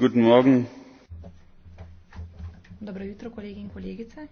Guten Morgen. Dobro jutro, kolegi in kolegice.